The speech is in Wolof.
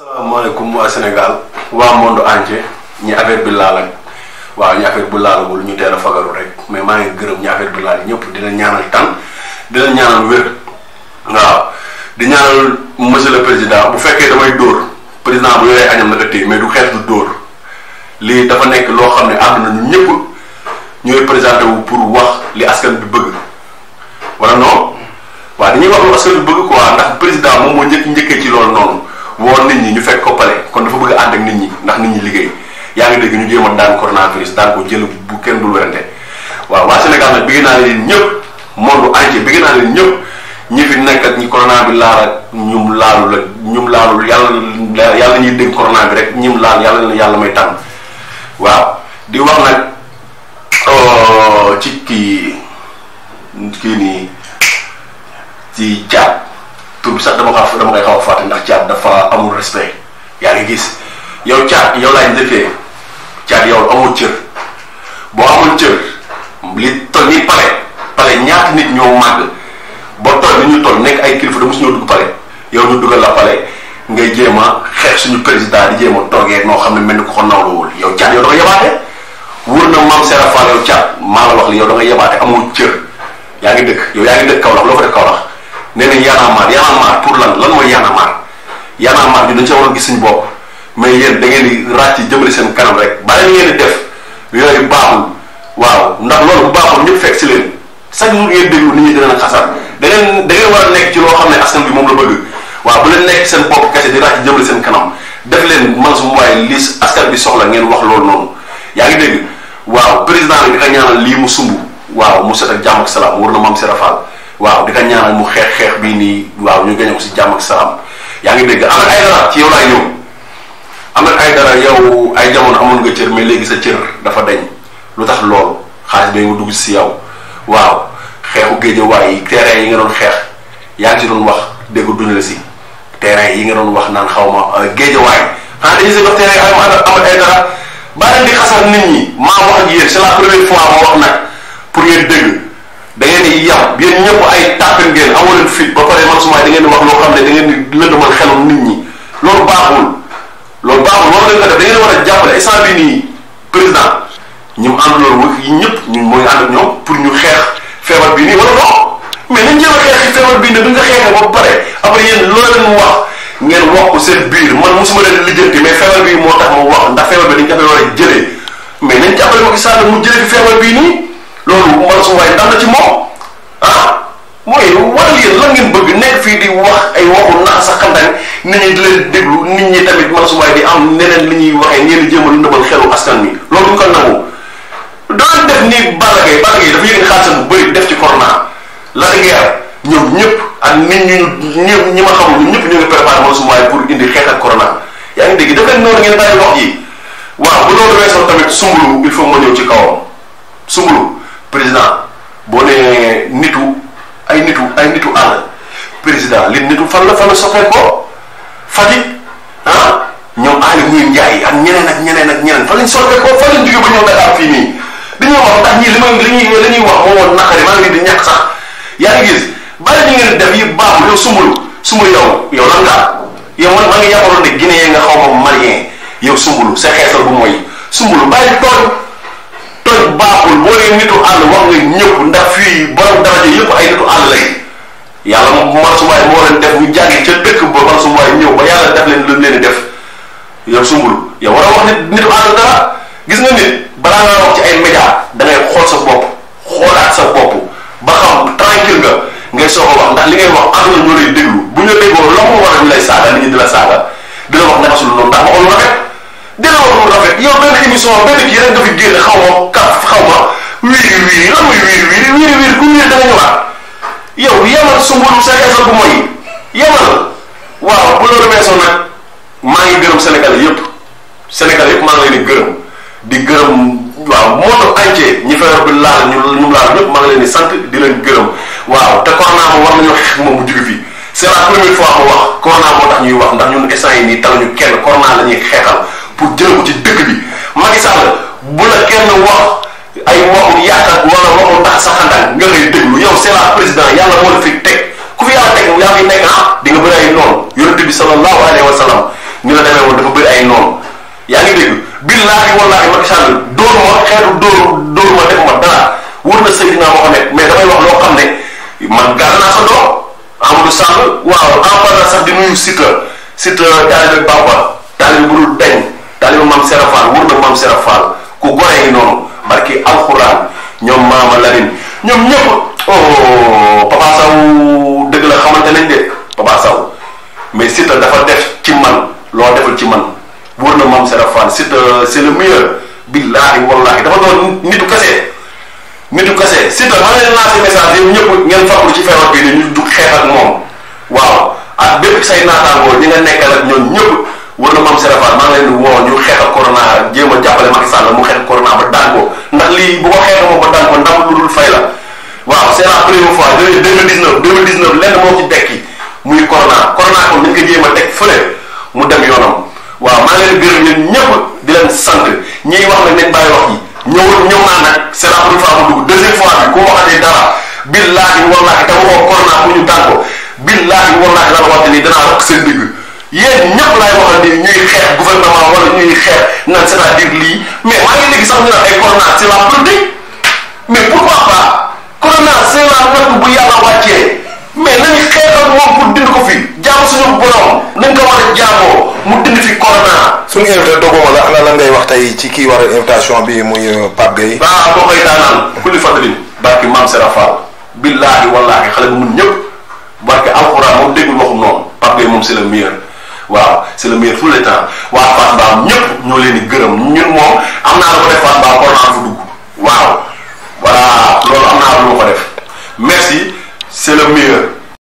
salaamaaleykum waa Sénégal waa monde entier ñi affaire bi laal waaw ñi affaire bu laalagul ñu teel a fagaru rek mais maa ngi gërëm ñi affaire bi laal ñëpp dina ñaanal tam dina ñaanal wér waaw di ñaanal monsieur le président bu fekkee damay dóor président bu yoree añam naka téye mais du xeetu dóor lii dafa nekk loo xam ne àdduna ñu ñëpp ñooy présenté wu pour wax li askan bi bëgg wala non waaw dañuy wax lu askan bi bëgg quoi ndax président moom moo njëkk njëkkee ci woon nit ñi ñu fekk ko pale kon dafa bëgg ànd ak nit ñi ndax nit ñi liggéey yaa ngi dégg ñu jéem a daan coronavirus daan ko jël bu kenn dul werante waaw waa sénégal nag bëgg naa leen ñëpp monde entier bëgg naa leen ñëpp ñi fi nekk ak ñi corona bi laal ak ñum laalu la ñum laalu yàlla yàlla ñuy dégg corona bi rek ñum laal yàlla la yàlla may tànn waaw di wax nag oh, ci kii kii nii ci jaat tur bi sax dama ko dama koy xaw a ndax caat dafa amul respect yaa ngi gis yow caat yow laay defé caat yow amul cër bo amul cër li to ni paré paré ñaat nit ñoo mag ba to ni ñu to nek ay kilifa dama suñu dugg paré yow ñu dugal la paré ngay jema xex suñu président di jema togué no xamné melni ne mel ni ko ko nawluwul yow caat yow da nga yabaate wóor na mam Serap Fall yow caat maa la wax li yow da nga yabaate amul cër yaa ngi dëkk yow yaa ngi dëkk Kaolack loo fa def la nee nañ yaanaamaar yaanaamaar pour lan lan mooy yana mar yana dañ di war a gis suñ bopp mais yéen da ngeen di ràcc jëmale seen kanam rek bàyyi ngeen di def yooyu baaxul waaw ndax loolu bu baaxul ñëpp fekk si leen chaque jour ngeen déglu nit ñi dina xasar da ngeen da ngeen war a nekk ci loo xam ne askan bi moom la bëgg waaw bu leen nekk seen bopp kese di ràcc jëmale seen kanam def leen man su waaye li askan bi soxla ngeen wax loolu noonu yaa ngi dégg waaw président bi di ñaanal lii mu sumb waaw mu set ak jàmm ak salaam war na mam si rafaal waaw kan kan eh, di ko ñaanal mu xeex xeex bii nii waaw ñu gañe ko si jàmm ak salaam yaa ngi dégg amal ay dara ci yow laay ñëw amal ay dara yow ay jamono amoon nga cër mais léegi sa cër dafa dañ lu tax lool xaalis bi nga dugg si yow waaw xeexu géej waay yi terrain yi nga doon xeex yaa ngi ci doon wax dégg duñ la si terrain yi nga doon wax naan xaw ma géej waay xanaa dañu si dox terrain ay amal ay dara bàyyi di xasal nit ñi maa wax ak yéen c'est la première fois ma wax nag pour ngeen dégg da ngeen di yam yéen ñëpp ay tàppin ngeen amu leen fit ba pare man sumaay da ngeen di wax loo xam ne da ngeen di lëndëmal xelum nit ñi loolu baaxul loolu baaxul da ngeen war a jàppale instant bii nii président ñi mu ànd loolu wax yi ñëpp ñun pour ñu xeex feebar bii nii a xeex feebar bii nii duñ ko xeexee ba pare après yéen loolu leen wax ngeen wax ko seen biir man mosuma leen lijjanti mais feebar bii moo tax ma wax ndax feebar bi dañ ko war a jëlee mais nañ jàppale ko Sall mu jëlee fi feebar bii nii loolu man sumaay ndax na ci moom mooy wal yéen la ngeen bëgg nekk fii di wax ay waxu naa sa xantan nit ñi di leen déglu nit ñi tamit man su di am neneen li ñuy waxee ngeen jëmal ndëbal xelu askan mi loolu duñ ko nangu doon def ni balagay balagay dafa yëngu xaalisam bu bëri def ci corona la guerre ñoom ñëpp ak nit ñu ñëpp ñi ma xamul ñëpp ñu ngi préparé man su pour indi xeex ak corona yaa ngi dégg dafa noonu ngeen bàyyi wax yi waaw bu loolu weesoo tamit sumbulu il faut ma ñëw ci kawam sumbulu président boo nee nitu ay nitu ay nitu àll président li nitu fan la fan la soppee ko Fatick ah ñoom Aly Ngouille Ndiaye ak ñeneen ak ñeneen ak ñeneen fan lañ soppee ko fan lañ jógee ba ñëw Dakar fii nii dañoo wax ndax ñii li ma li ñuy li ñuy wax moo woon naqari maa ngi di ñàkk sax yaa ngi gis bari ñu ngeen def yi baaxul yow sumbul sumbul yow yow lan ngaa yow man maa ngi yaakaaroon ne Guinée nga xaw ma Malien yow sumbulu sa xeesal bu mooy sumbulu bàyyi tooñ baaxul boo nee nitu àll wax nga ñëpp ndax fii borom daraja yëpp ay nitu àll lay yàlla moom marsumaay moo leen def ñu jàngi ca dëkk ba marsumaay ñëw ba yàlla def leen lu leen def yow sumbul yow war a wax nit nitu àll dara gis nga nit balaa ngaa wax ci ay média da ngay xool sa bopp xoolaat sa bopp ba xam tranquille nga ngay soog a wax ndax li ngay wax àdduna ñoo lay déglu bu ñu déggoo la mu war a ñu lay saaga nit ñi di la saaga di la wax naka su lu noonu ndax waxoon rafet lu rafet yow benn émission wiiri lan mooy wiiri wiiri wiiri wiiri ku wiiri dana ñëwaat yow yemal sumbul sa xeesal bu mooy yemal waaw bu loolu weesoo nag maa ngi gërëm Sénégal yëpp Sénégal yëpp maa ngi leen di gërëm di gërëm waaw monde entier ñi feebar bi laal ñu ñu laal ñëpp maa ngi leen di sant di leen gërëm waaw te moom war nañu xeex moom mu jóge fii c'est la wax corona moo tax ñuy wax ndax ñun instant yi nii taluñu kenn corona la sallallahu alayhi wa sallam ni la demee woon dafa bëri ay noonu yaa ngi dégg billahi wallahi Macky Sall dóor ma xeetu dóor dóor ma def ma dara wër na Seydina Mohamed mais damay wax loo xam ne man gar naa sa doom Amadou Sall waaw en parlant sax di nuyu site site taalibe Bamba taalibe bu dul dañ taalibe maam Sera Fall na maam Sera ku gore yi noonu barki alxuraan ñoom maama Lamine ñoom ñëpp oh papa Sow c'est le meilleur billaahi wallaahi dafa doon nitu kese nitu kese si te ma leen lancé message yéen ñëpp ngeen fàttali ci feebar bi ni ñu du xeex ak moom waaw ak bépp say naataangoo ñi nga nekkal ak ñoom ñëpp war na maam Serapha maa ngi leen di woo ñu xeex ak corona jéem a jàppale Macky Sall mu xeex ak ba daan ko ndax lii bu ko xeexee moom ba daan ko ndam lu dul fay la waaw c'est la première fois deux mille dix neuf deux mille dix neuf lenn moo ci dekki muy corona corona ko ko waaw maa leen gërëm yéen ñëpp di leen sant ñiy wax ne nañ bàyyi wax yi ñëwoon ñëw naa nag c'est la première fois mu dugg deuxième fois bi ku waxatee dara billaahi wallaahi dama ko corona ku ñu daan ko billaahi wallaahi daal waxte nii danaa rokk seen digg yéen ñëpp laay waxal ni ñuy xeex gouvernement wala ñuy xeex naan cest à lii mais maa ngi léegi sax ñu naan ay corona c'est la politique mais pourquoi pas corona c'est la bu yàlla wàccee mais nañu xeexal moom pour dindi ko fi jaamu suñu borom nañ ko war a suñu invité doguma la ana lan ngay wax tey ci kii war a invitation bi muy euh, Pape Gueye. ah boo koy taanaan kulli fadlin barki maam Serap Fall billaahi le meilleur waaw c'est ñoo leen di gërëm ñun moom am naa lu ko def Fass Ba war naa fa dugg waaw voilà loolu am naa lu ko def merci c'est le meilleur.